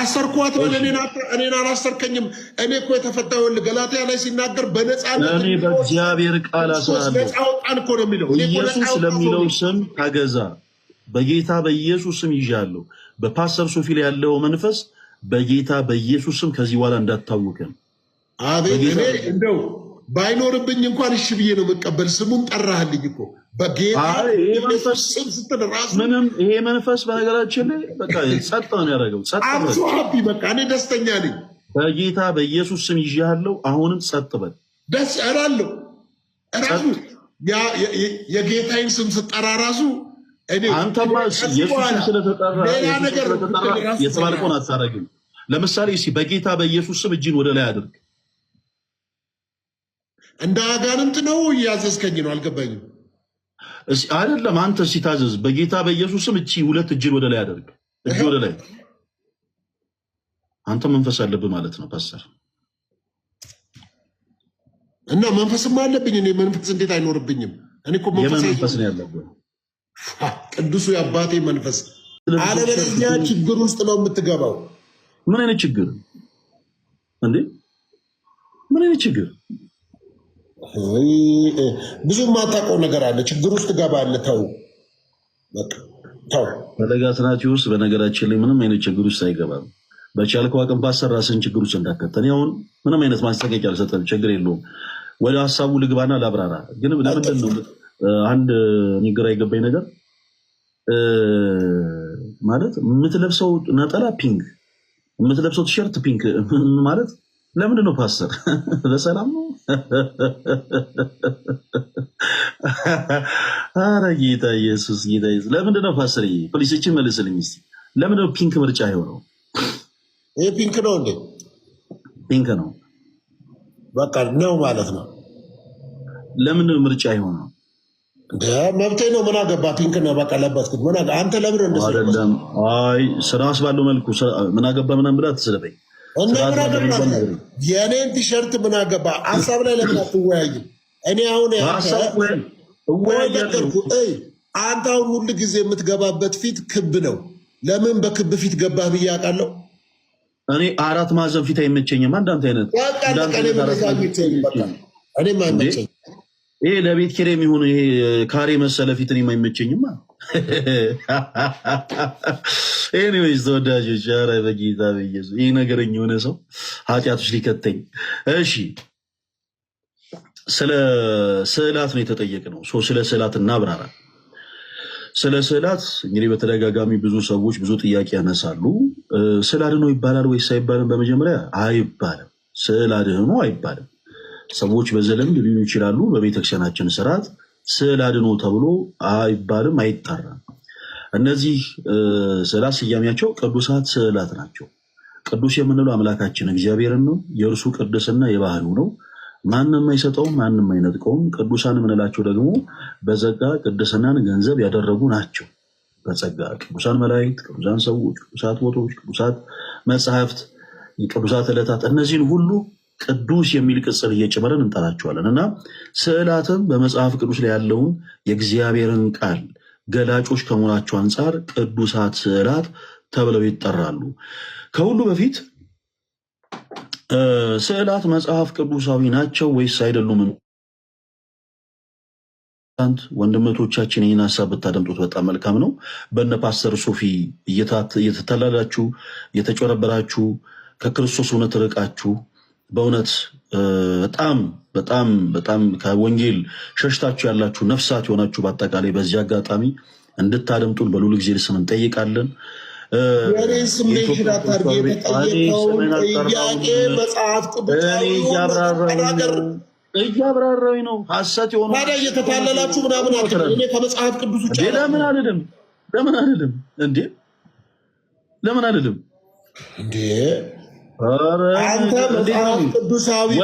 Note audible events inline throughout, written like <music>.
አሰርኳት ነው እኔን አላሰርከኝም። እኔ እኮ የተፈታው ይኸውልህ ገላትያ ላይ ሲናገር በነፃነት በእግዚአብሔር ቃል አስራለሁ አውጣን እኮ ነው የሚለው። ኢየሱስ ለሚለው ስም ተገዛ። በጌታ በኢየሱስ ስም ይዣለሁ። በፓስተር ሶፊ ላይ ያለው መንፈስ በጌታ በኢየሱስ ስም ከዚህ በኋላ እንዳታውቅም። አቤት እኔ እንደው ባይኖርብኝ እንኳን እሺ ብዬ ነው የምቀበል። ስሙን ጠራህልኝ እኮ በጌታ ይሄ መንፈስ በነገራችን ላይ በቃ ጸጥ ነው ያደረገው። ጸጥ በቃ እኔ ደስተኛ ነኝ። በጌታ በኢየሱስ ስም ይዣለሁ። አሁንም ጸጥ በል ደስ እላለሁ። ራሱ የጌታዬን ስም ስጠራ ራሱ አንተማ ኢየሱስን ስለተጠራ ሌላ ነገር የተባልከውን አታረግም። ለምሳሌ በጌታ በኢየሱስ ስም እጅን ወደ ላይ አድርግ እንደ አጋንንት ነው እያዘዝከኝ ነው። አልገባኝም። አይደለም አንተ ሲታዘዝ በጌታ በኢየሱስም እቺ ሁለት እጅን ወደ ላይ አደርግ፣ እጅ ወደ ላይ። አንተ መንፈስ አለብህ ማለት ነው ፓስተር። እና መንፈስም አለብኝ እኔ። መንፈስ እንዴት አይኖርብኝም? እኔ እኮ መንፈስ ነው ያለብህ፣ ቅዱሱ የአባቴ መንፈስ። አለበለዚያ ችግር ውስጥ ነው የምትገባው። ምን አይነት ችግር እንዴ? ምን አይነት ችግር ብዙ የማታውቀው ነገር አለ። ችግር ውስጥ ገባለህ። ተው ተው። በለጋስናቲ ውስጥ በነገራችን ላይ ምንም አይነት ችግር ውስጥ አይገባም። በቻልከው አቅም ባሰራ ራስህን ችግር ውስጥ እንዳከተን። አሁን ምንም አይነት ማስጠንቀቂያ አልሰጠንም። ችግር የለውም። ወደ ሀሳቡ ልግባና ላብራራ። ግን ለምንድን ነው አንድ ግራ የገባኝ ነገር ማለት የምትለብሰው ነጠላ ፒንክ፣ የምትለብሰው ቲሸርት ፒንክ ማለት ለምንድን ነው ፓስተር? በሰላም ነው? አረ ጌታ ኢየሱስ ጌታ ኢየሱስ። ለምንድን ነው ፓስተር? ፖሊሶችን መልስልኝ እስኪ። ለምንድን ነው ፒንክ ምርጫ የሆነው? ይህ ፒንክ ነው እንዴ? ፒንክ ነው። በቃ ነው ማለት ነው። ለምንድን ነው ምርጫ የሆነው? መብቴ ነው። ምን አገባ? ፒንክ ነው በቃ ለበስኩት። አንተ ለምን? አይ ስራስ ባለው መልኩ ምን አገባ ምናምን ብላ ትስለበኝ እና ምን የእኔን ቲሸርት ምን አገባ? ሀሳብ ላይ ለምን አትወያይም? እኔ አሁን አንተ አሁን ሁል ጊዜ የምትገባበት ፊት ክብ ነው። ለምን በክብ ፊት ገባህ ብዬ አውቃለሁ። እኔ አራት ማዕዘን ፊት አይመቸኝም። አንዳንተ አይነት እኔ ይሄ ለቤት ኪራይ የሚሆኑ ይሄ ካሬ መሰለ ፊትን የማይመቸኝማ። ኤኒዌይስ <laughs> ተወዳጆች፣ ኧረ በጌታ በየሱ ይህ ነገረኝ የሆነ ሰው ኃጢአቶች ሊከተኝ። እሺ ስለ ስዕላት ነው የተጠየቅነው። ስለ ስዕላት እናብራራ። ስለ ስዕላት እንግዲህ በተደጋጋሚ ብዙ ሰዎች ብዙ ጥያቄ ያነሳሉ። ስዕል አድኖ ይባላል ወይስ አይባልም? በመጀመሪያ አይባልም። ስዕል አድኖ አይባልም። ሰዎች በዘለምድ ሊሉ ይችላሉ። በቤተክርስቲያናችን ስርዓት ስዕል አድኖ ተብሎ አይባልም፣ አይጠራም። እነዚህ ስዕላት ስያሜያቸው ቅዱሳት ስዕላት ናቸው። ቅዱስ የምንለው አምላካችን እግዚአብሔርን ነው። የእርሱ ቅድስና የባህሉ ነው። ማንም አይሰጠውም፣ ማንም አይነጥቀውም። ቅዱሳን የምንላቸው ደግሞ በጸጋ ቅድስናን ገንዘብ ያደረጉ ናቸው። በጸጋ ቅዱሳን መላእክት፣ ቅዱሳን ሰዎች፣ ቅዱሳት ቦታዎች፣ ቅዱሳት መጽሐፍት፣ ቅዱሳት ዕለታት እነዚህን ሁሉ ቅዱስ የሚል ቅጽል እየጨመረን እንጠራቸዋለን እና ስዕላትም በመጽሐፍ ቅዱስ ላይ ያለውን የእግዚአብሔርን ቃል ገላጮች ከመሆናቸው አንጻር ቅዱሳት ስዕላት ተብለው ይጠራሉ። ከሁሉ በፊት ስዕላት መጽሐፍ ቅዱሳዊ ናቸው ወይስ አይደሉም? ንት ወንድመቶቻችን ይህን ሀሳብ ብታደምጡት በጣም መልካም ነው። በነ ፓስተር ሶፊ እየተተላላችሁ እየተጨረበራችሁ ከክርስቶስ እውነት ርቃችሁ በእውነት በጣም በጣም በጣም ከወንጌል ሸሽታችሁ ያላችሁ ነፍሳት የሆናችሁ በአጠቃላይ በዚህ አጋጣሚ እንድታደምጡን በልዑል ጊዜ ስም እንጠይቃለን። እያብራራዊ ነው ሀሰት የሆኑ እየተታለላችሁ ምናምን ከመጽሐፍ ቅዱስ ውጭ ለምን አልልም ለምን አልልም እንዴ ለምን አልልም እንዴ አንተ መጽሐፍ ቅዱሳዊ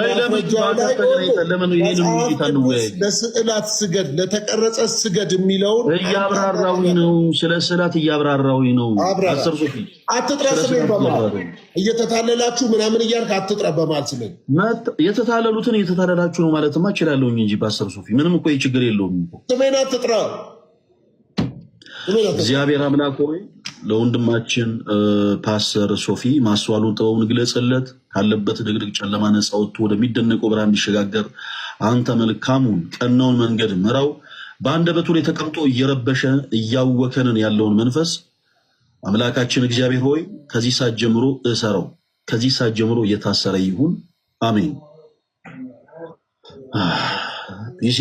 ለስዕላት ስገድ፣ ለተቀረጸ ስገድ የሚለውን እያብራራዊ ነው። ስለ ስዕላት እያብራራዊ ነው። ስሜን እየተታለላችሁ ምናምን እያልክ አትጥራ በማለት ስሜን የተታለሉትን እየተታለላችሁ ነው ማለትማ እችላለሁኝ እንጂ በአሰር ሱፊ ምንም እኮ ችግር የለውም። ስሜን እግዚአብሔር አምላክ ሆይ ለወንድማችን ፓስተር ሶፊ ማስተዋሉን ጥበቡን ግለጽለት። ካለበት ድቅድቅ ጨለማ ነፃ ወጥቶ ወደሚደነቀው ብርሃን እንዲሸጋገር አንተ መልካሙን ቀናውን መንገድ ምራው። በአንደበቱ ላይ ተቀምጦ እየረበሸ እያወከንን ያለውን መንፈስ አምላካችን እግዚአብሔር ሆይ ከዚህ ሰዓት ጀምሮ እሰረው። ከዚህ ሰዓት ጀምሮ እየታሰረ ይሁን። አሜን። ይህ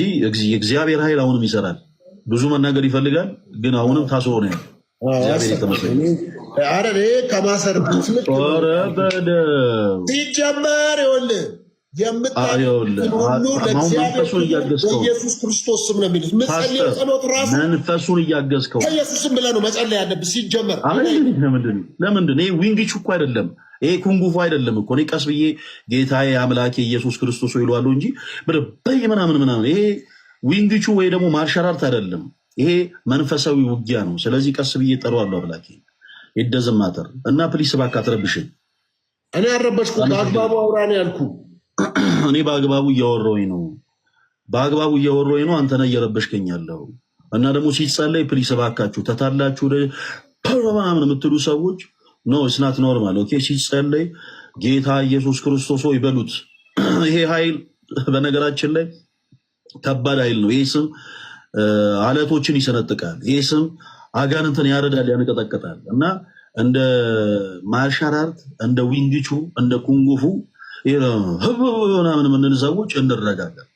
እግዚአብሔር ኃይል አሁንም ይሰራል። ብዙ መናገር ይፈልጋል፣ ግን አሁንም ታስሮ ነው ያለው። ሲጀመር ይኸውልህ ክርስቶስ ስም ነው የሚሉት። ጸሎት ራሱ መንፈሱን እያገዝከው ብለህ ነው መጸለይ ያለብህ። ሲጀመር ለምንድን ይሄ ዊንግቹ እኮ አይደለም፣ ይሄ ኩንጉፉ አይደለም እኮ እኔ ቀስ ብዬ ጌታዬ አምላኬ ኢየሱስ ክርስቶስ ይለዋለሁ እንጂ በይ ምናምን ምናምን ይሄ ዊንግቹ ወይ ደግሞ ማርሻራርት አይደለም። ይሄ መንፈሳዊ ውጊያ ነው። ስለዚህ ቀስ ብዬ ጠሯዋለሁ። አብላኬ ይደዝም ማተር እና ፕሊስ እባክህ አትረብሽኝ። እኔ አረበሽኩ በአግባቡ አውራ ነው ያልኩ። <clears throat> እኔ በአግባቡ እያወራሁኝ ነው። በአግባቡ እያወራሁኝ ነው። አንተነ እየረበሽከኝ ያለው እና ደግሞ ሲጸለይ ፕሊስ እባካችሁ ተታላችሁ ምናምን የምትሉ ሰዎች ኖ ስናት ኖርማል ኦኬ። ሲጸለይ ጌታ ኢየሱስ ክርስቶስ ሆይ በሉት። <clears throat> ይሄ ኃይል በነገራችን ላይ ከባድ ኃይል ነው። ይህ ስም አለቶችን ይሰነጥቃል። ይህ ስም አጋንንትን ያረዳል፣ ያንቀጠቀጣል እና እንደ ማሻራርት እንደ ዊንግቹ እንደ ኩንጉፉ ምናምን ምንን ሰዎች እንረጋለን።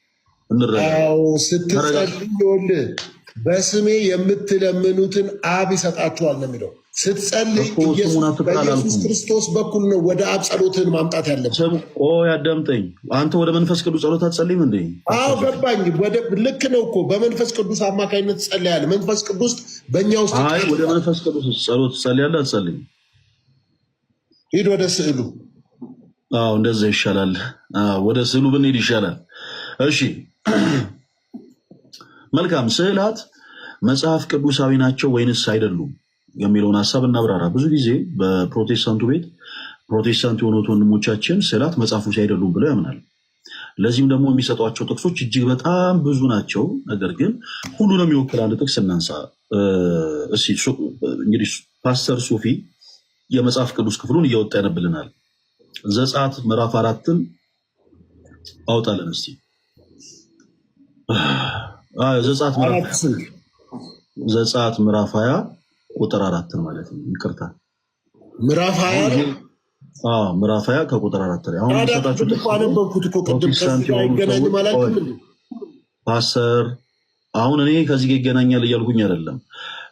ስትጸልይ በስሜ የምትለምኑትን አብ ይሰጣችኋል ነው የሚለው ስትጸልይ በኢየሱስ ክርስቶስ በኩል ነው ወደ አብ ማምጣት ያለብህ። ቆይ አዳምጠኝ። አንተ ወደ መንፈስ ቅዱስ ጸሎት አትጸልይም እንዴ? አዎ ገባኝ። ልክ ነው እኮ በመንፈስ ቅዱስ አማካኝነት ትጸልያለህ። መንፈስ ቅዱስ በእኛ ውስጥ ወደ መንፈስ ቅዱስ ጸሎት ትጸልያለህ አትጸልይም? ሂድ ወደ ስዕሉ። አዎ እንደዛ ይሻላል። ወደ ስዕሉ ብንሄድ ይሻላል። እሺ <clears throat> መልካም። ስዕላት መጽሐፍ ቅዱሳዊ ናቸው ወይንስ አይደሉም? የሚለውን ሀሳብ እናብራራ። ብዙ ጊዜ በፕሮቴስታንቱ ቤት ፕሮቴስታንት የሆኑት ወንድሞቻችን ስዕላት መጽሐፍ ውስጥ አይደሉም ብለው ያምናል። ለዚህም ደግሞ የሚሰጧቸው ጥቅሶች እጅግ በጣም ብዙ ናቸው። ነገር ግን ሁሉንም የሚወክል አንድ ጥቅስ እናንሳ። እንግዲህ ፓስተር ሶፊ የመጽሐፍ ቅዱስ ክፍሉን እያወጣ ያነብልናል። ዘጸአት ምዕራፍ አራትን አውጣለን እስቲ። ዘጸአት ምዕራፍ ሀያ ቁጥር አራትን ማለት ነው። ይቅርታ ምዕራፍ ሀያ ምዕራፍ ሀያ ከቁጥር አራት ላይ አሁን አነበብኩት ቅድም። ፓስተር። አሁን እኔ ከዚህ ጋር ይገናኛል እያልኩኝ አይደለም።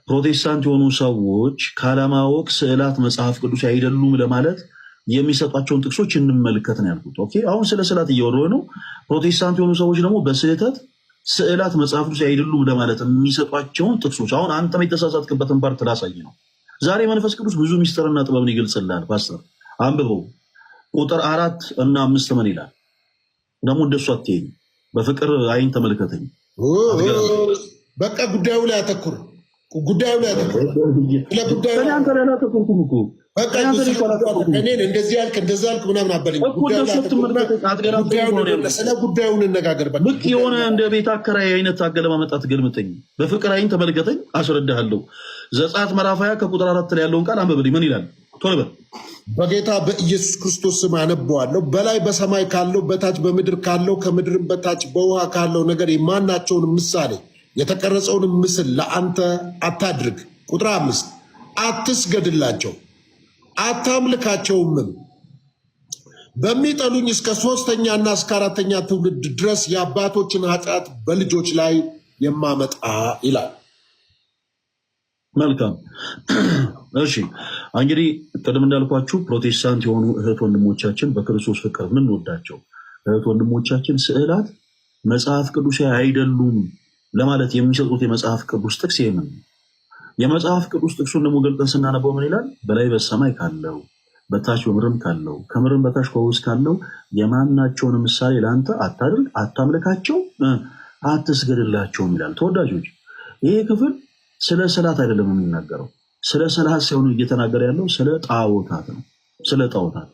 ፕሮቴስታንት የሆኑ ሰዎች ካለማወቅ ስዕላት መጽሐፍ ቅዱስ አይደሉም ለማለት የሚሰጧቸውን ጥቅሶች እንመልከት ነው ያልኩት። ኦኬ አሁን ስለ ስዕላት እየወረወ ነው። ፕሮቴስታንት የሆኑ ሰዎች ደግሞ በስህተት ስዕላት መጽሐፍ ቅዱስ አይደሉም ለማለት የሚሰጧቸውን ጥቅሶች አሁን አንተም የተሳሳትክበትን ፓርት ላሳይ ነው። ዛሬ መንፈስ ቅዱስ ብዙ ሚስጥርና ጥበብን ይገልጽልሃል። ፓስተር አንብበው። ቁጥር አራት እና አምስት ምን ይላል? ደግሞ እንደሱ አትይኝ፣ በፍቅር አይን ተመልከተኝ። በቃ ጉዳዩ ላይ አተኩር፣ ጉዳዩ ላይ አተኩር። ስለ ጉዳዩ ላይ አተኩርኩም እኮ እንደዚህ ያልክ እንደዛ ያልክ ምናምን አበለኝ። ስለ ጉዳዩ እንነጋገር። ልክ የሆነ እንደ ቤት አከራይ አይነት አገለማመጣት ገልምጠኝ፣ በፍቅር አይን ተመልከተኝ፣ አስረዳሃለሁ። ዘጸአት ምዕራፍ ሃያ ከቁጥር አራት ላይ ያለውን ቃል አንብብልኝ። ምን ይላል? ቶሎ በል። በጌታ በኢየሱስ ክርስቶስ ስም አነበዋለሁ። በላይ በሰማይ ካለው በታች በምድር ካለው ከምድርም በታች በውሃ ካለው ነገር የማናቸውን ምሳሌ የተቀረጸውን ምስል ለአንተ አታድርግ። ቁጥር አምስት አትስገድላቸው አታምልካቸውምም። በሚጠሉኝ እስከ ሶስተኛ እና እስከ አራተኛ ትውልድ ድረስ የአባቶችን ኃጢአት በልጆች ላይ የማመጣ ይላል። መልካም እሺ። እንግዲህ ቅድም እንዳልኳችሁ ፕሮቴስታንት የሆኑ እህት ወንድሞቻችን በክርስቶስ ፍቅር የምንወዳቸው እህት ወንድሞቻችን ስዕላት መጽሐፍ ቅዱሴ አይደሉም ለማለት የሚሰጡት የመጽሐፍ ቅዱስ ጥቅስ ይህንን ነው። የመጽሐፍ ቅዱስ ጥቅሱን ደግሞ ገልጠን ስናነበው ምን ይላል? በላይ በሰማይ ካለው በታች በምድርም ካለው ከምድርም በታች ከውሃ ካለው የማናቸውን ምሳሌ ለአንተ አታድርግ፣ አታምልካቸው፣ አትስገድላቸውም ይላል። ተወዳጆች ይሄ ክፍል ስለ ስላት አይደለም የሚናገረው። ስለ ስላት ሳይሆን እየተናገረ ያለው ስለ ጣዖታት ነው። ስለ ጣዖታት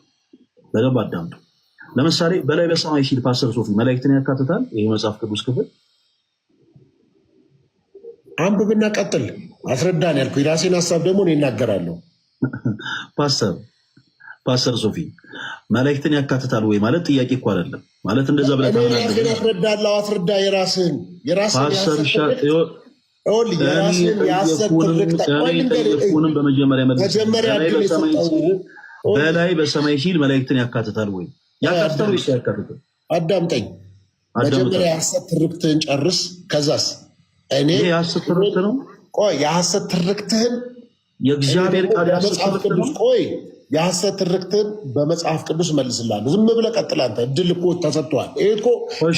በደንብ አዳምጡ። ለምሳሌ በላይ በሰማይ ሲል ፓስተር ሶፊ መላእክትን ያካትታል ይህ መጽሐፍ ቅዱስ ክፍል አንብብና ቀጥል፣ አስረዳን ያልኩ የራሴን ሀሳብ ደግሞ እኔ እናገራለሁ። ፓስተር ፓስተር ሶፊ መላእክትን ያካትታል ወይ ማለት ጥያቄ እኮ አይደለም። ማለት እንደዛ ብለህ ራስን አስረዳለሁ። አስረዳ የራስህን የራስህን በመጀመሪያ በላይ በሰማይ ሲል መላእክትን ያካትታል ወይ ያካትታል ወይ? ያካትታል? አዳምጠኝ መጀመሪያ ሀሳብ ትርክትህን ጨርስ። ከዛስ እኔ ቆይ የሐሰት ትርክትህን የእግዚአብሔር ቃል ቆይ የሐሰት ትርክትህን በመጽሐፍ ቅዱስ መልስላለሁ። ዝም ብለህ ቀጥል። አንተ እድል እኮ ተሰጥቷል። ይሄ እኮ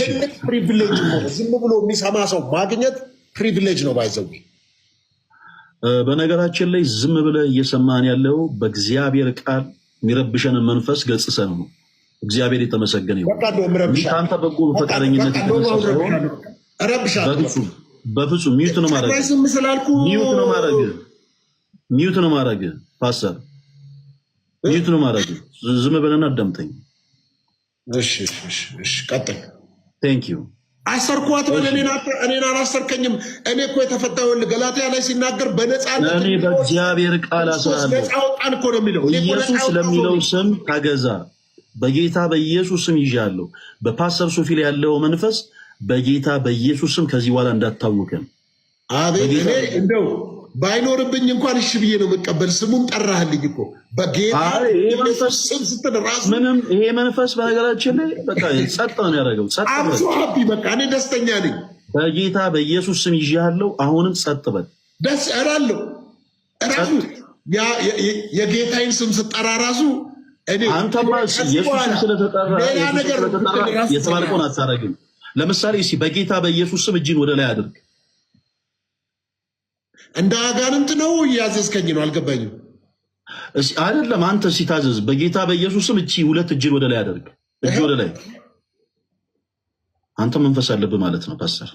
ትልቅ ፕሪቪሌጅ ነው። ዝም ብሎ የሚሰማ ሰው ማግኘት ፕሪቪሌጅ ነው። ባይዘው በነገራችን ላይ ዝም ብለህ እየሰማን ያለው በእግዚአብሔር ቃል የሚረብሸንን መንፈስ ገጽሰን ነው። እግዚአብሔር የተመሰገነ ይሁን። ከአንተ በጎ በፈቃደኝነት የተነሳ ሳይሆን በፍጹም ሚዩት ነው ማድረግ ሚዩት ነው ማድረግ ሚዩት ነው ማድረግ ፓስተር ሚዩት ነው ማድረግ። ዝም ብለና አዳምጠኝ። እሺ እሺ እሺ፣ ቀጥል። ቴንክ ዩ አሰርኳት በል እኔን አላሰርከኝም። እኔ እኮ የተፈታው ገላትያ ላይ ሲናገር በነፃነት እኔ በእግዚአብሔር ቃል አስራለሁ። አውጣን እኮ ነው የሚለው ኢየሱስ ለሚለው ስም ተገዛ። በጌታ በኢየሱስ ስም ይዣለሁ። በፓስተር ሶፊ ላይ ያለው መንፈስ በጌታ በኢየሱስም ከዚህ በኋላ እንዳታውቅም። አቤት እኔ እንደው ባይኖርብኝ እንኳን እሺ ብዬ ነው የምቀበል። ስሙም ጠራህልኝ እኮ በጌታ ምንም ይሄ መንፈስ በነገራችን ላይ በቃ ጸጥ ነው ያደረገው። አብሶ በቃ እኔ ደስተኛ ነኝ። በጌታ በኢየሱስ ስም ይዣለሁ። አሁንም ጸጥ በል። ደስ እራለሁ ራሱ የጌታዬን ስም ስጠራ ራሱ አንተማ ኢየሱስም ስለተጠራ ሌላ ነገር የተባልቆን አታረግም ለምሳሌ እስኪ በጌታ በኢየሱስ ስም እጅን ወደ ላይ አድርግ። እንደ አጋንንት ነው እያዘዝከኝ ነው? አልገባኝም። አይደለም አንተ ሲታዘዝ በጌታ በኢየሱስ ስም እቺ ሁለት እጅን ወደ ላይ አድርግ። እጅ ወደ ላይ አንተ መንፈስ አለብህ ማለት ነው ፓስተር።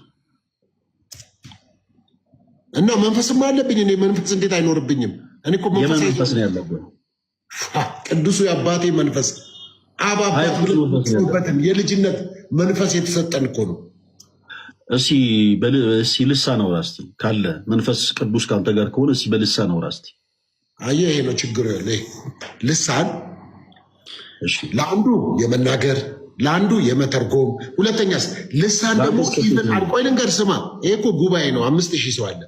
እና መንፈስማ አለብኝ እኔ። መንፈስ እንዴት አይኖርብኝም? እኔ እኮ መንፈስ ነው ያለብህ፣ ቅዱሱ የአባቴ መንፈስ አባባበትም የልጅነት መንፈስ የተሰጠን እኮ ነው። እሺ ልሳ ነው ራስቲ ካለ መንፈስ ቅዱስ ካንተ ጋር ከሆነ እ በልሳ ነው ራስቲ አየህ ይሄ ነው ችግሩ ያለ ልሳን ለአንዱ የመናገር ለአንዱ የመተርጎም ሁለተኛስ ልሳን ደግሞ ኢቨን አልቆይ ልንገር ስማ፣ ይሄ እኮ ጉባኤ ነው። አምስት ሺህ ሰው አለ።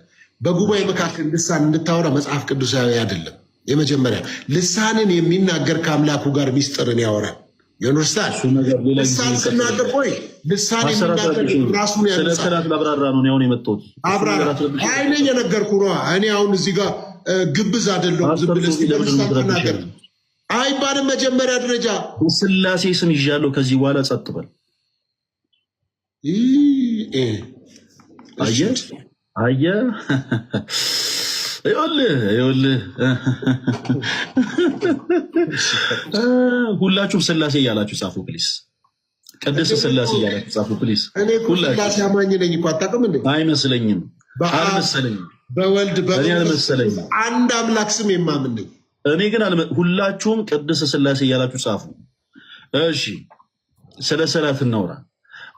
በጉባኤ መካከል ልሳን እንድታወራ መጽሐፍ ቅዱሳዊ አይደለም። የመጀመሪያ ልሳንን የሚናገር ከአምላኩ ጋር ሚስጥርን ያወራል። ዩኒቨርስታል ልሳን ስናገር ቆይ ልሳን የምናገር ራሱን ያነሳል። ላብራራ ነው ሁን አብራራ አይነ የነገርኩ ነ እኔ አሁን እዚህ ጋር ግብዝ አይደለሁም። ተናገር አይባልም። መጀመሪያ ደረጃ ስላሴ ስም ይዣለሁ። ከዚህ በኋላ ጸጥ በል። ሁላችሁም ስላሴ እያላችሁ ጻፉ ፕሊስ። ቅድስት ስላሴ እያላችሁ ጻፉ ፕሊስ። ስላሴ አማኝ ነኝ እኮ አታውቅም እንዴ? አይመስለኝም። አልመሰለኝም። በወልድ በመሰለኝ አንድ አምላክ ስም የማምን ነኝ እኔ ግን አልመ ሁላችሁም ቅድስት ስላሴ እያላችሁ ጻፉ። እሺ ስለ ሰላት እናውራ።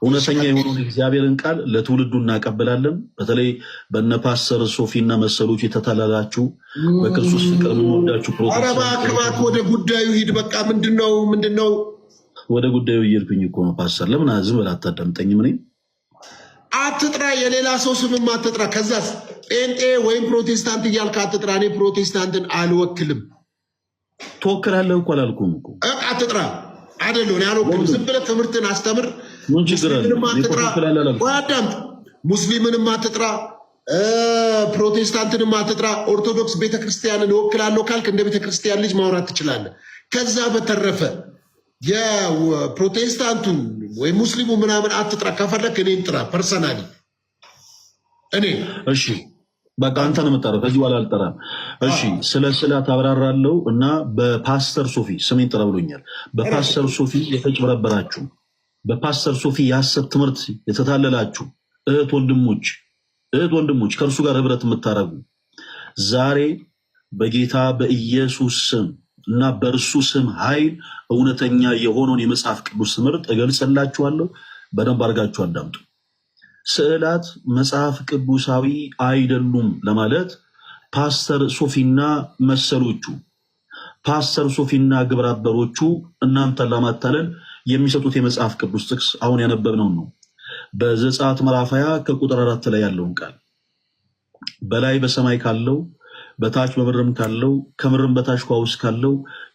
እውነተኛ የሆነውን እግዚአብሔርን ቃል ለትውልዱ እናቀብላለን። በተለይ በነ ፓስተር ሶፊና መሰሎች የተተላላችሁ በክርስቶስ ፍቅር የምንወዳችሁ ፕሮባክባክ ወደ ጉዳዩ ሂድ። በቃ ምንድነው ምንድነው? ወደ ጉዳዩ እየሄድኩኝ እኮ ነው። ፓስተር ለምን ዝም ብለህ አታዳምጠኝም? እኔ አትጥራ፣ የሌላ ሰው ስምም አትጥራ። ከዛስ ጴንጤ ወይም ፕሮቴስታንት እያልክ አትጥራ። እኔ ፕሮቴስታንትን አልወክልም። ትወክላለህ እኮ አላልኩም እኮ አትጥራ አይደለሁ ያልወክልም። ዝም ብለህ ትምህርትን አስተምር። ሙስሊምንም ሙስሊምንም አትጥራ፣ ፕሮቴስታንትንም አትጥራ። ኦርቶዶክስ ቤተክርስቲያንን እወክላለሁ ካልክ እንደ ቤተክርስቲያን ልጅ ማውራት ትችላለህ። ከዛ በተረፈ የፕሮቴስታንቱን ወይ ሙስሊሙ ምናምን አትጥራ። ከፈለክ እኔን ጥራ ፐርሰናሊ እኔ እሺ በቃ አንተ ነው የምጠራው። ከዚህ በኋላ አልጠራም። እሺ ስለ ስዕላት አብራራለሁ እና በፓስተር ሶፊ ስሜን ጥራ ብሎኛል። በፓስተር ሶፊ የተጭበረበራችሁ፣ በፓስተር ሶፊ የሐሰት ትምህርት የተታለላችሁ እህት ወንድሞች፣ እህት ወንድሞች ከእርሱ ጋር ህብረት የምታደረጉ ዛሬ በጌታ በኢየሱስ ስም እና በእርሱ ስም ኃይል እውነተኛ የሆነውን የመጽሐፍ ቅዱስ ትምህርት እገልጽላችኋለሁ። በደንብ አድርጋችሁ አዳምጡ። ስዕላት መጽሐፍ ቅዱሳዊ አይደሉም ለማለት ፓስተር ሶፊና መሰሎቹ ፓስተር ሶፊና ግብረ እናንተ እናንተን ለማታለል የሚሰጡት የመጽሐፍ ቅዱስ ጥቅስ አሁን ያነበብነውን ነው። በዘጸአት ምዕራፍ ሃያ ከቁጥር አራት ላይ ያለውን ቃል በላይ በሰማይ ካለው በታች በምድርም ካለው ከምድርም በታች ውኃ ውስጥ ካለው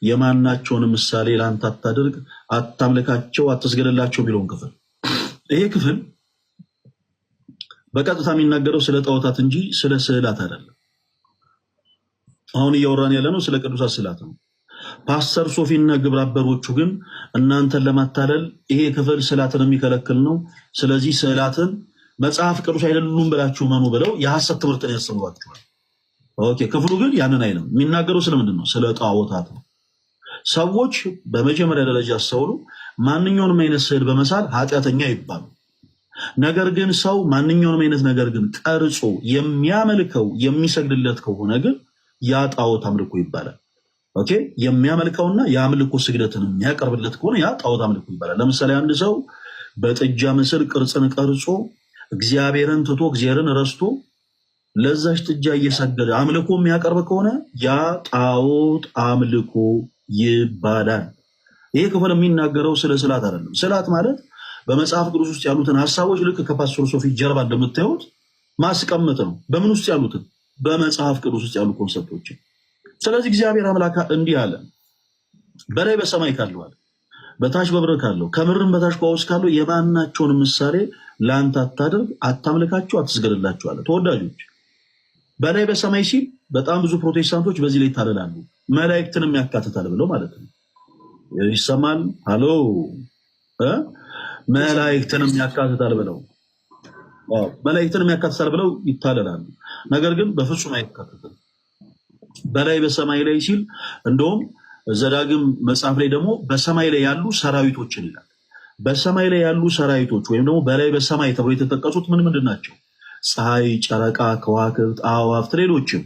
የማናቸውን ምሳሌ ለአንተ አታድርግ፣ አታምልካቸው፣ አትስገድላቸው የሚለውን ክፍል ይሄ ክፍል በቀጥታ የሚናገረው ስለ ጣዖታት እንጂ ስለ ስዕላት አይደለም። አሁን እያወራን ያለ ነው ስለ ቅዱሳት ስዕላት ነው። ፓስተር ሶፊና ግብረ አበሮቹ ግን እናንተን ለማታለል ይሄ ክፍል ስዕላትን የሚከለክል ነው፣ ስለዚህ ስዕላትን መጽሐፍ ቅዱስ አይደሉም ብላችሁ መኑ ብለው የሐሰት ትምህርትን ያሰብሏቸዋል። ክፍሉ ግን ያንን አይልም። የሚናገረው ስለምንድን ነው? ስለ ጣዖታት ነው። ሰዎች በመጀመሪያ ደረጃ አስተውሉ። ማንኛውንም አይነት ስዕል በመሳል ኃጢአተኛ ይባሉ ነገር ግን ሰው ማንኛውንም አይነት ነገር ግን ቀርጾ የሚያመልከው የሚሰግድለት ከሆነ ግን ያ ጣዖት አምልኮ ይባላል። ኦኬ የሚያመልከውና የአምልኮ ስግደትን የሚያቀርብለት ከሆነ ያ ጣዖት አምልኮ ይባላል። ለምሳሌ አንድ ሰው በጥጃ ምስል ቅርጽን ቀርጾ እግዚአብሔርን ትቶ እግዚአብሔርን ረስቶ ለዛች ጥጃ እየሰገደ አምልኮ የሚያቀርብ ከሆነ ያ ጣዖት አምልኮ ይባላል። ይሄ ክፍል የሚናገረው ስለ ስላት አይደለም። ስላት ማለት በመጽሐፍ ቅዱስ ውስጥ ያሉትን ሀሳቦች ልክ ከፓስተር ሶፊ ጀርባ እንደምታዩት ማስቀመጥ ነው። በምን ውስጥ ያሉትን? በመጽሐፍ ቅዱስ ውስጥ ያሉ ኮንሰፕቶችን። ስለዚህ እግዚአብሔር አምላክ እንዲህ አለ፣ በላይ በሰማይ ካለው አለ በታች በብር ካለው ከምድርም በታች በውሃ ውስጥ ካለው የማናቸውን ምሳሌ ለአንተ አታደርግ አታምልካቸው፣ አትስገድላቸው አለ። ተወዳጆች በላይ በሰማይ ሲል በጣም ብዙ ፕሮቴስታንቶች በዚህ ላይ ይታለላሉ። መላእክትንም ያካትታል ብለው ማለት ነው። ይሰማል። ሃሎ መላእክትንም ያካትታል ብለው መላእክትንም ያካትታል ብለው ይታለላሉ። ነገር ግን በፍጹም አይካትትም። በላይ በሰማይ ላይ ሲል እንደውም ዘዳግም መጽሐፍ ላይ ደግሞ በሰማይ ላይ ያሉ ሰራዊቶችን ይላል። በሰማይ ላይ ያሉ ሰራዊቶች ወይም ደግሞ በላይ በሰማይ ተብሎ የተጠቀሱት ምን ምንድን ናቸው? ፀሐይ፣ ጨረቃ፣ ከዋክብት፣ አዋፍት፣ ሌሎችም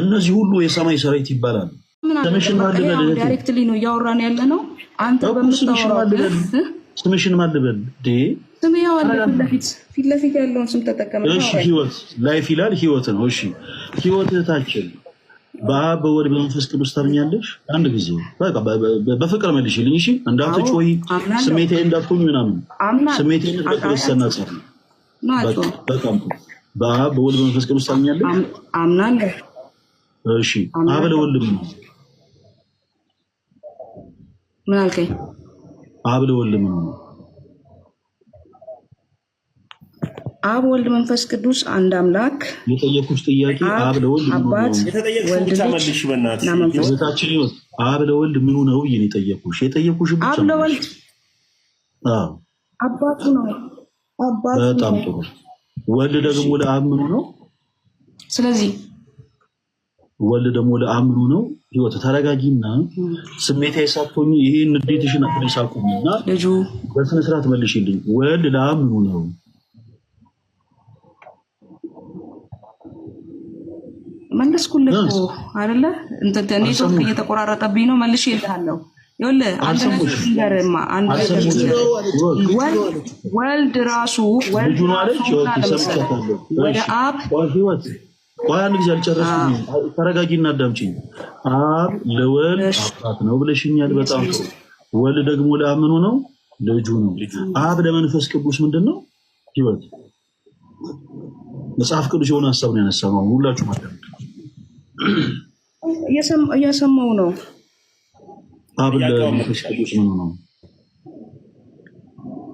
እነዚህ ሁሉ የሰማይ ሰራዊት ይባላሉ። ዳይሬክትሊ ነው እያወራን ያለ ነው አንተ በምታወራው ስምሽን ማን ልበል? ስም ያለውን ስም ተጠቀመ። ህይወት ላይፍ ይላል ህይወት ነው። እሺ ህይወት እህታችን በአብ በወልድ በመንፈስ ቅዱስ ታምኛለሽ? አንድ ጊዜ በፍቅር መልሽልኝ። እሺ እንዳትጮ ወይ ስሜቴ እንዳትሆኝ ምናምን ስሜቴ በተወሰነ ጽ በጣም በአብ በወልድ በመንፈስ ቅዱስ ታምኛለሽ? አምናለሁ። እሺ አብ ለወልድ ምን አልከኝ? አብ ለወልድ ነው አብ ወልድ መንፈስ ቅዱስ አንድ አምላክ። የጠየኩሽ ጥያቄ አብ ለወልድ አባት ወልድ ልጅ አብ ለወልድ ምኑ ነው ብዬ የጠየኩሽ የጠየኩሽ አብ ለወልድ አባቱ ነው። በጣም ጥሩ ወልድ ደግሞ ለአብ ምኑ ነው? ስለዚህ ወልድ ደግሞ ለአምኑ ነው ህይወት። ተረጋጊና ስሜት ሳትሆኝ ይሄን ንዴትሽን አፕሬስ አቁሚና በስነስርዓት መልሽልኝ። ወልድ ለአእምሮ ነው መለስኩልህ ኔትወርክ እየተቆራረጠብኝ ነው። መልሽ ይልሃለሁ። አንድ ነገር አንድ ወልድ ራሱ ወልድ ራሱ ወደ አብ ቆይ አንድ ጊዜ አልጨረስኩም። ተረጋጊና አዳምጪኝ። አብ ለወልድ አባት ነው ብለሽኛል። በጣም ወልድ ደግሞ ለአምኑ ነው ልጁ ነው። አብ ለመንፈስ ቅዱስ ምንድን ነው? ህይወት። መጽሐፍ ቅዱስ የሆነ ሀሳብ ነው ያነሳ ነው። ሁላችሁ እየሰማው ነው። አብ ለመንፈስ ቅዱስ ምን ነው?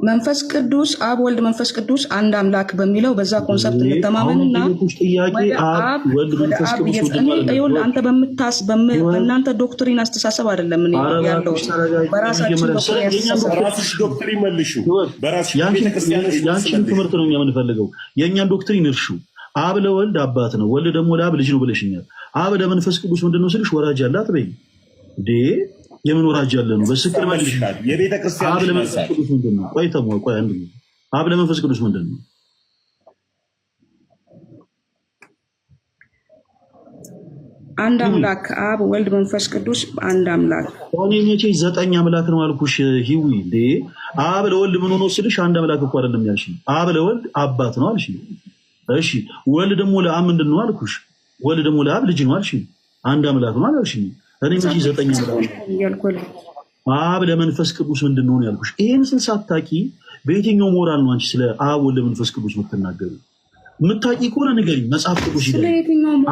መንፈስ ቅዱስ አብ ወልድ መንፈስ ቅዱስ አንድ አምላክ በሚለው በዛ ኮንሰፕት እንተማመንና አንተ በምታስ በእናንተ ዶክትሪን አስተሳሰብ አይደለም ያለው በራሳችን ትምህርት ነው የምንፈልገው። የእኛን ዶክትሪን እርሹ። አብ ለወልድ አባት ነው፣ ወልድ ደግሞ ለአብ ልጅ ነው ብለሽኛል። አብ ለመንፈስ ቅዱስ ምንድን ነው ስልሽ ወራጅ አላት በይ የምን ወራጅ ያለ ነው? በስክር አብ ለመንፈስ ቅዱስ ምንድን ነው? አንድ አምላክ አብ ወልድ መንፈስ ቅዱስ አንድ አምላክ ሆኔ መቼ ዘጠኝ አምላክ ነው አልኩሽ። ሂዊ እንዴ አብ ለወልድ ምን ሆኖ ስልሽ አንድ አምላክ እኮ አይደለም ያልሽ። አብ ለወልድ አባት ነው አልሽ። እሺ ወልድ ደግሞ ለአብ ምንድን ነው አልኩሽ። ወልድ ደግሞ ለአብ ልጅ ነው አልሽ። አንድ አምላክ ነው አልሽ። እኔ እንግዲህ ዘጠኝ አብ ለመንፈስ ቅዱስ ምንድን ነው ያልኩሽ? ይህን ስል ሳታቂ በየትኛው ሞራል ነው አንቺ ስለ አብ ወልድ መንፈስ ቅዱስ የምትናገሩ? የምታቂ ከሆነ ንገሪኝ። መጽሐፍ ቅዱስ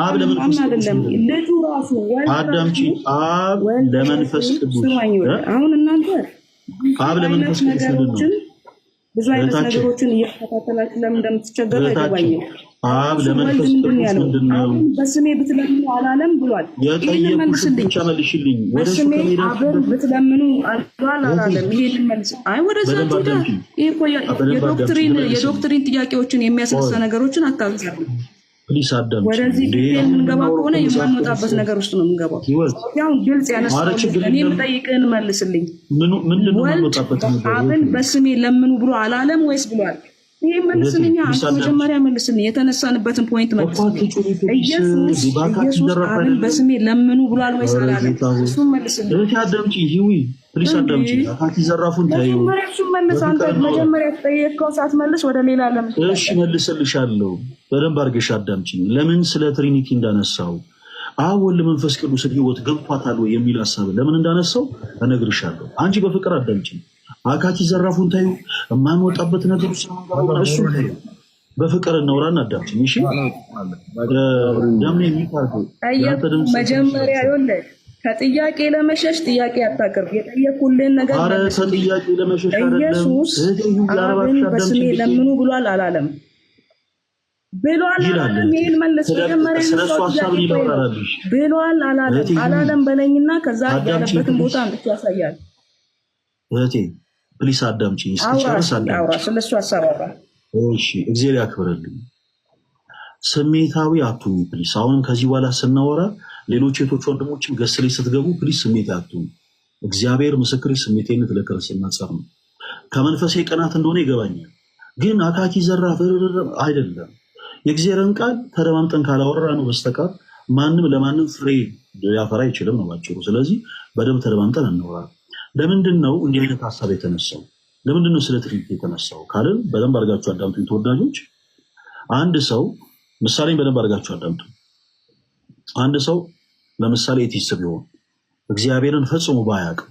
አብ ለመንፈስ አብ ለመንፈስ ቅዱስ አሁን እናንተ አብ ለመንፈስ ቅዱስ ምንድን ብዙ አይነት ነገሮችን እየተከታተላችሁ ለምን እንደምትቸገሩ አይገባኝም። አብ ለመንፈስ ቅዱስ በስሜ ብትለምኑ አላለም ብሏል። በስሜ አብን ብትለምኑ አላለም። መልስ። አይ ወደዛ የዶክትሪን ጥያቄዎችን የሚያስነሳ ነገሮችን አታብዛሉ። ፕሊስ የምንገባ ከሆነ የማንወጣበት ነገር ውስጥ ነው የምንገባው። ግልጽ ያነሳእኔ የምጠይቅህን መልስልኝ። ወልድ አብን በስሜ ለምኑ ብሎ አላለም ወይስ ብሏል? ይህ መልስልኛ፣ መጀመሪያ መልስልኝ። የተነሳንበትን ፖይንት መልስልኝ። በስሜ ለምኑ ብሏል ወይስ አላለም? ለምን? እሺ መልስልሻለሁ። በደንብ አድርገሽ አዳምጪኝ። ለምን ስለ ትሪኒቲ እንዳነሳው አብ ወልድ መንፈስ ቅዱስ ህይወት ገብቷታል ወይ የሚል ሀሳብ ለምን እንዳነሳው እነግርሻለሁ። አንቺ በፍቅር አዳምጪኝ። አካት ዘራፉን ታዩ የማንወጣበት ነገር እሱ በፍቅር እናውራ እናዳምጪኝ። እሺ መጀመሪያ ይኸውልህ ከጥያቄ ለመሸሽ ጥያቄ አታቅርብ። የጠየኩልህን ነገር ከጥያቄ ለመሸሽ ኢየሱስ በስሜ ለምኑ ብሏል አላለም ብሏል ይህን መልስ መጀመሪያ ብሏል አላለም አላለም በለኝና ከዛ ያለበትን ቦታ እንድትያሳያል እህቴ ፕሊስ አዳምጪኝ ስለሱ እሺ እግዜር ያክብርልኝ። ስሜታዊ አትሁኝ ፕሊስ። አሁንም ከዚህ በኋላ ስናወራ ሌሎች ሴቶች ወንድሞችም ገስ ላይ ስትገቡ ፕሊስ ስሜት አትሁኝ። እግዚአብሔር ምስክር ስሜቴነት ለክርስትና ጸር ነው። ከመንፈሴ ቀናት እንደሆነ ይገባኛል። ግን አካኪ ዘራፍ አይደለም። የእግዚአብሔርን ቃል ተደማምጠን ካላወራ ነው በስተቀር ማንም ለማንም ፍሬ ሊያፈራ አይችልም ነው ባጭሩ። ስለዚህ በደንብ ተደማምጠን እናወራለን። ለምንድን ነው እንዲህ አይነት ሀሳብ የተነሳው? ለምንድን ነው ስለ ትርኢት የተነሳው ካልን በደንብ አድርጋችሁ አዳምጡ ተወዳጆች። አንድ ሰው ምሳሌን በደንብ አድርጋችሁ አዳምጡ። አንድ ሰው ለምሳሌ ኤቲስት ቢሆን እግዚአብሔርን ፈጽሞ ባያውቅም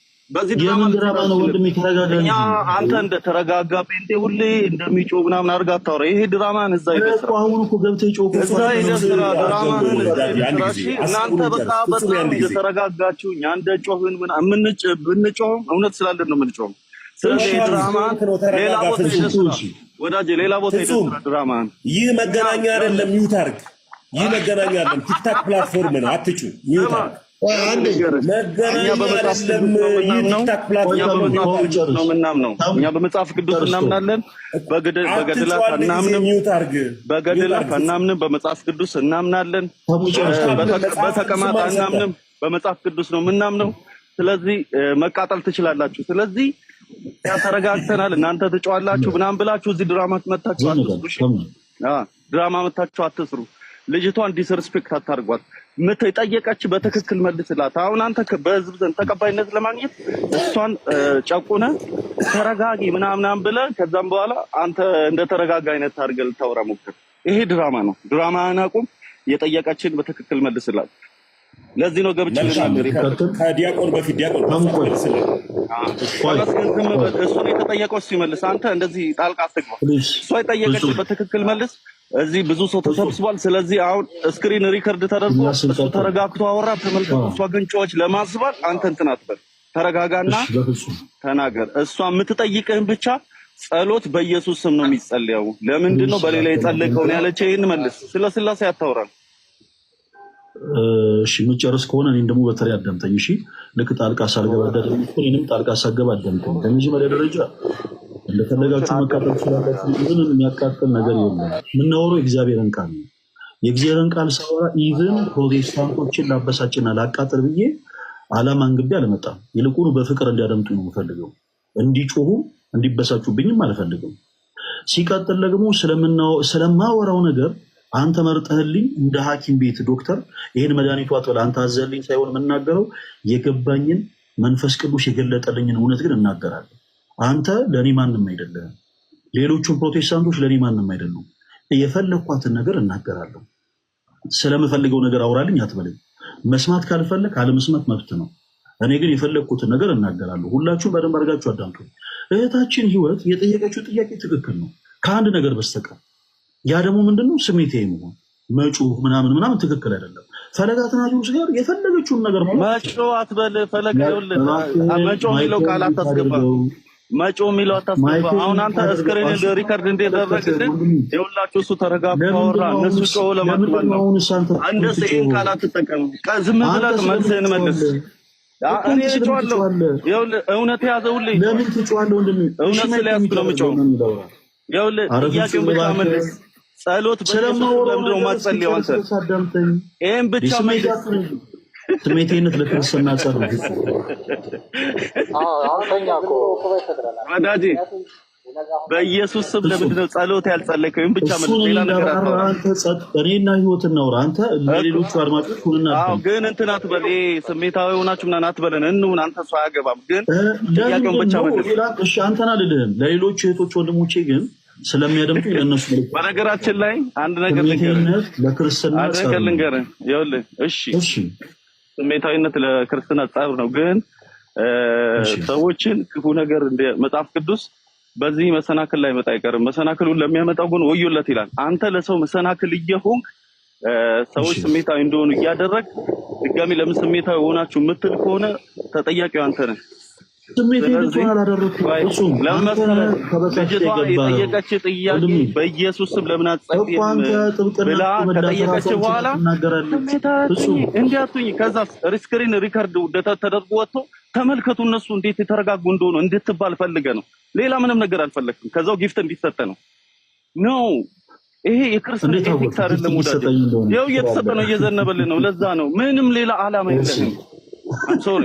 በዚህ ድራማ ነው ወንድሜ፣ ተረጋጋ አንተ እንደ ተረጋጋ ጴንጤ ሁሌ እንደሚጮ ምናምን አድርጋ አታውራ። ይሄ ድራማን እዛ ይደስ አሁን እኮ ገብተህ ጮህ እዛ ይደስ ድራማን እናንተ በቃ በጣም የተረጋጋችሁ እኛ እንደ ጮህን ምን ብንጮህም እውነት ስላለን ነው የምንጮህ። ስለዚህ ድራማን ሌላ ቦታ ይደስራ ወዳጄ፣ ሌላ ቦታ ይደስ ድራማን። ይህ መገናኛ አይደለም፣ ሚውት አድርግ። ይህ መገናኛ አይደለም፣ ቲክታክ ፕላትፎርም ነው። አትጩ፣ ሚውት አድርግ እኛ በመጽሐፍ ቅዱስ እናምናለን፣ በገድላት አናምንም፣ በገድላት አናምንም፣ በመጽሐፍ ቅዱስ እናምናለን፣ በተቀማጥ አናምንም፣ በመጽሐፍ ቅዱስ ነው የምናምነው። ስለዚህ መቃጠል ትችላላችሁ። ስለዚህ ተረጋግተናል እናንተ ትጫዋላችሁ ምናምን ብላችሁ እዚህ ድራማ መታችሁ አትስሩ፣ ድራማ መታችሁ አትስሩ። ልጅቷን ዲስርስፔክት አታርጓት። የጠየቀች በትክክል መልስላት። አሁን አንተ በህዝብ ዘንድ ተቀባይነት ለማግኘት እሷን ጨቁነ ተረጋጊ ምናምናም ብለ ከዛም በኋላ አንተ እንደ ተረጋጋ አይነት ታርገ ልታወራ ሞክር። ይሄ ድራማ ነው። ድራማህን አቁም። የጠየቀችን በትክክል መልስላት። ለዚህ ነው ገብቼ ልናገር ከዲያቆን በፊት ዲያቆን እሱን የተጠየቀው እሱ ይመልስ። አንተ እንደዚህ ጣልቃ አትግባ። እሷ የጠየቀችን በትክክል መልስ እዚህ ብዙ ሰው ተሰብስቧል። ስለዚህ አሁን ስክሪን ሪከርድ ተደርጎ እሱ ተረጋግቶ አወራ፣ ተመልከቱ። እሷ ግን ጮች ለማስባል አንተ እንትን አትበል፣ ተረጋጋና ተናገር። እሷ የምትጠይቅህን ብቻ ጸሎት በኢየሱስ ስም ነው የሚጸልየው። ለምንድን ነው በሌላ የጸለቀውን ያለች? ይህን መልስ። ስለ ስላሴ አታውራል። እሺ የምጨርስ ከሆነ እኔም ደግሞ በተለይ አዳምጠኝ። እሺ ልክ ጣልቃ ሳልገባ እኔንም ጣልቃ ሳገባ አዳምጠኝ። በመጀመሪያ ደረጃ እንደፈለጋችሁ መቃጠል ትችላላችሁ። ኢቭን የሚያቃጥል ነገር የለም። የምናወራው የእግዚአብሔርን ቃል ነው። የእግዚአብሔርን ቃል ሳወራ ኢቨን ፕሮቴስታንቶችን ላበሳጭና ላቃጥል ብዬ አላማ አንግቤ አልመጣም። ይልቁኑ በፍቅር እንዲያደምጡ ነው የምፈልገው። እንዲጮሁ እንዲበሳጩብኝም አልፈልግም። ሲቀጥል ደግሞ ስለማወራው ነገር አንተ መርጠህልኝ እንደ ሐኪም ቤት ዶክተር ይህን መድኃኒቱ አትበላ አንተ አዘልኝ ሳይሆን የምናገረው የገባኝን መንፈስ ቅዱስ የገለጠልኝን እውነት ግን እናገራለን። አንተ ለእኔ ማንም አይደለም። ሌሎቹን ፕሮቴስታንቶች ለእኔ ማንም አይደሉም። የፈለግኳትን ነገር እናገራለሁ። ስለምፈልገው ነገር አውራልኝ አትበለኝ። መስማት ካልፈለግ አለመስማት መብት ነው። እኔ ግን የፈለግኩትን ነገር እናገራለሁ። ሁላችሁም በደንብ አድርጋችሁ አዳምጡ። እህታችን ህይወት የጠየቀችው ጥያቄ ትክክል ነው፣ ከአንድ ነገር በስተቀር ያ ደግሞ ምንድነው ስሜቴ መሆን መጮህ ምናምን ምናምን ትክክል አይደለም። ፈለጋትና ጆሮስ ጋር የፈለገችውን ነገር መጮህ አትበል። ፈለጋ መጮህ የሚለው ቃል አታስገባ መጮ የሚለው አታስገባ። አሁን አንተ እስክሪን ሪከርድ እንደደረግ ግን የሁላችሁ እሱ ተረጋግቶ አወራ። እነሱ ጮ ለማጥፋት ነው። አንደስ ይህን ቃላት ተጠቀም። ዝም ብለህ መልስህን መልስ። እኔ እጮዋለሁ። እውነት ለምን የያዘውልኝ እውነት ስለያዝኩ ነው የምጮው። ይኸውልህ ጥያቄውን ብቻ መልስ። ጸሎት በኢየሱስ ለምንድነው የማትጸልየው አንተ? ይህን ብቻ መልስ። ስሜቴነት ለክርስትና ጸር ወዳጄ በኢየሱስ ስም ለምንድን ጸሎት ያልጸለከው? ይህም ብቻ መልስ፣ ሌላ አንተ እኔና ህይወት እናውራ። አንተ ለሌሎቹ አድማጮች ሁንና ግን እንትን አትበል። ስሜታዊ ሆናችሁ ምናምን አትበለን። እንሁን አንተ ሰው አያገባም። ግን ጥያቄውን ብቻ መልስ። አንተን አልልህም። ለሌሎች እህቶች ወንድሞቼ ግን ስለሚያደምጡ ለነሱ በነገራችን ላይ አንድ ነገር ልንገርህ፣ ለክርስትና ልንገርህ። ይኸውልህ፣ እሺ፣ እሺ ስሜታዊነት ለክርስትና ጸብ ነው። ግን ሰዎችን ክፉ ነገር እንደ መጽሐፍ ቅዱስ በዚህ መሰናክል ላይ መጣ አይቀርም፣ መሰናክሉን ለሚያመጣው ግን ወዮለት ይላል። አንተ ለሰው መሰናክል እየሆንክ ሰዎች ስሜታዊ እንደሆኑ እያደረግ ድጋሚ ለምን ስሜታዊ ሆናችሁ የምትል ከሆነ ተጠያቂው አንተ ነህ። ስሜት ሪከርድ ተደርጎ ወጥቶ ተመልከቱ እነሱ እንዴት የተረጋጉ እንድትባል ፈልገ ነው። ሌላ ምንም ነገር አልፈለግም። ከዛው ጊፍት እንዲሰጠ ነው ነው ይሄ የክርስትና ኤቲክስ አይደለም። ወዳጅ ያው እየተሰጠ ነው፣ እየዘነበልን ነው። ለዛ ነው ምንም ሌላ አላማ የለንም። ሶሪ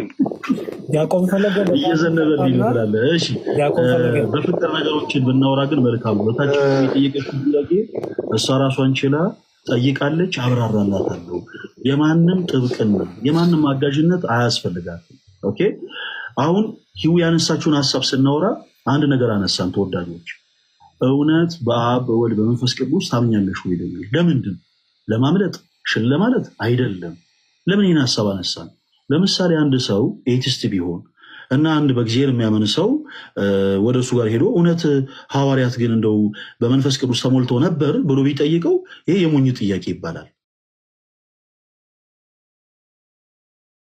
ያቆም ፈለገ እየዘነበ ነው እሺ በፍቅር ነገሮችን ብናወራ ግን መልካም ነው። ታች የጠየቀችው ጥያቄ እሷ ራሷን ችላ ጠይቃለች፣ አብራራላታለሁ። የማንም ጥብቅና የማንም አጋዥነት አያስፈልጋትም። ኦኬ አሁን ሂው ያነሳችሁን ሀሳብ ስናወራ አንድ ነገር አነሳን ተወዳጆች። እውነት በአብ በወልድ በመንፈስ ቅዱስ ታምኛለሽ ወይ? ለምንድን ለማምለጥ ሽን ለማለት አይደለም። ለምን ይህን ሀሳብ አነሳን? ለምሳሌ አንድ ሰው ኤቲስት ቢሆን እና አንድ በጊዜ የሚያምን ሰው ወደ እሱ ጋር ሄዶ እውነት ሐዋርያት ግን እንደው በመንፈስ ቅዱስ ተሞልቶ ነበር ብሎ ቢጠይቀው ይሄ የሞኝ ጥያቄ ይባላል።